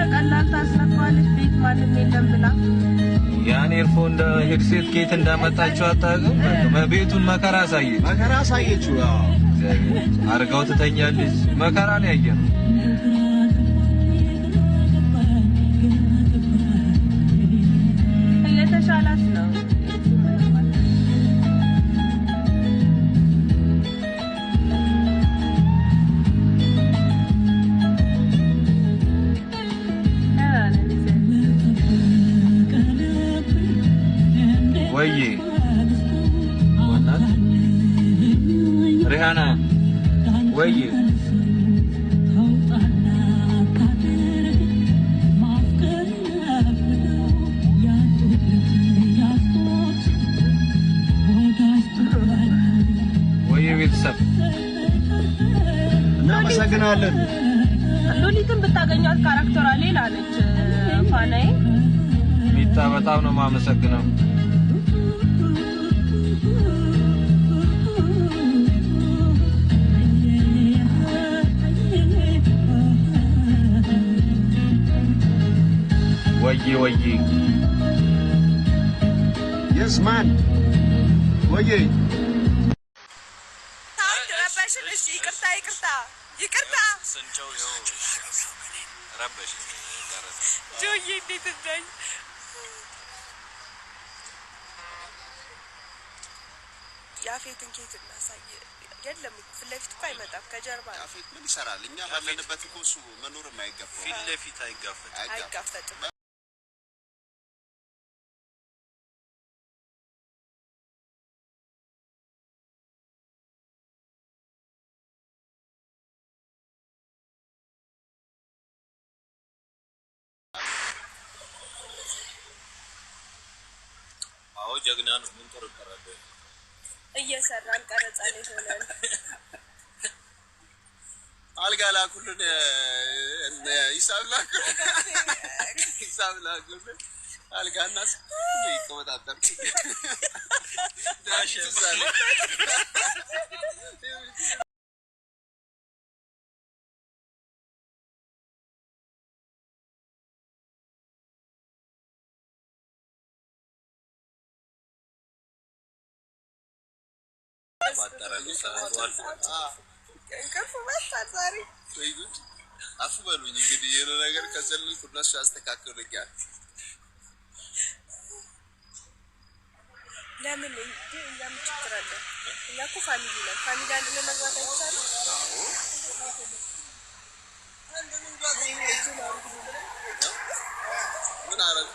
በቀላል ታስረፋለች። ቤት ማንም የለም ብላ ያን ኤርፎን ሄድሴት ኬት እንዳመጣችው አታውቅም። ቤቱን መከራ አሳየች መከራ አሳየችው። አርጋው ትተኛለች። መከራ ነው ያየ ነው። እየተሻላት ነው ወይ ማናት ሪሃና ወይ ቤተሰብ እናመሰግናለን። ሎሊትን ብታገኛት ካራክተሯ ሌላ ነች። ፋናዬ ሚታ በጣም ነው የማመሰግነው። ويي ويي Yes man ويي ይቅርታ ይቅርታ ይቅርታ ስንጨው ረበሽ ጆዬ እንዴት እንዳኝ የአፌትን ኬት እናሳይ የለም ፊት ለፊት እኮ አይመጣም ከጀርባ ምን ይሰራል እኛ ባለንበት እኮ እሱ መኖርም አይገባው ፊት ለፊት አይጋፈጥም ጀግና ነው። ምን ተረቀራለ እየሰራን ቀረጻ ላይ ሆነን አልጋ ላኩልን፣ ሂሳብ ላኩልን፣ ሂሳብ ላኩልን። አልጋ እናስ ይቆጣጠር ዳሽ እያባጠረ ነው። ሰዓቱ አልፏል። እንቅልፍ መጣል ዛሬ ወይ ጉድ! አፉ በሉኝ እንግዲህ ይህን ነገር ከዘለልኩ እነሱ ያስተካክሉኛል። ለምን እኛም ችግር አለ። እኛ እኮ ፋሚሊ ነን። ፋሚሊ አንድ ለመግባት አይቻልም። ምን አረግ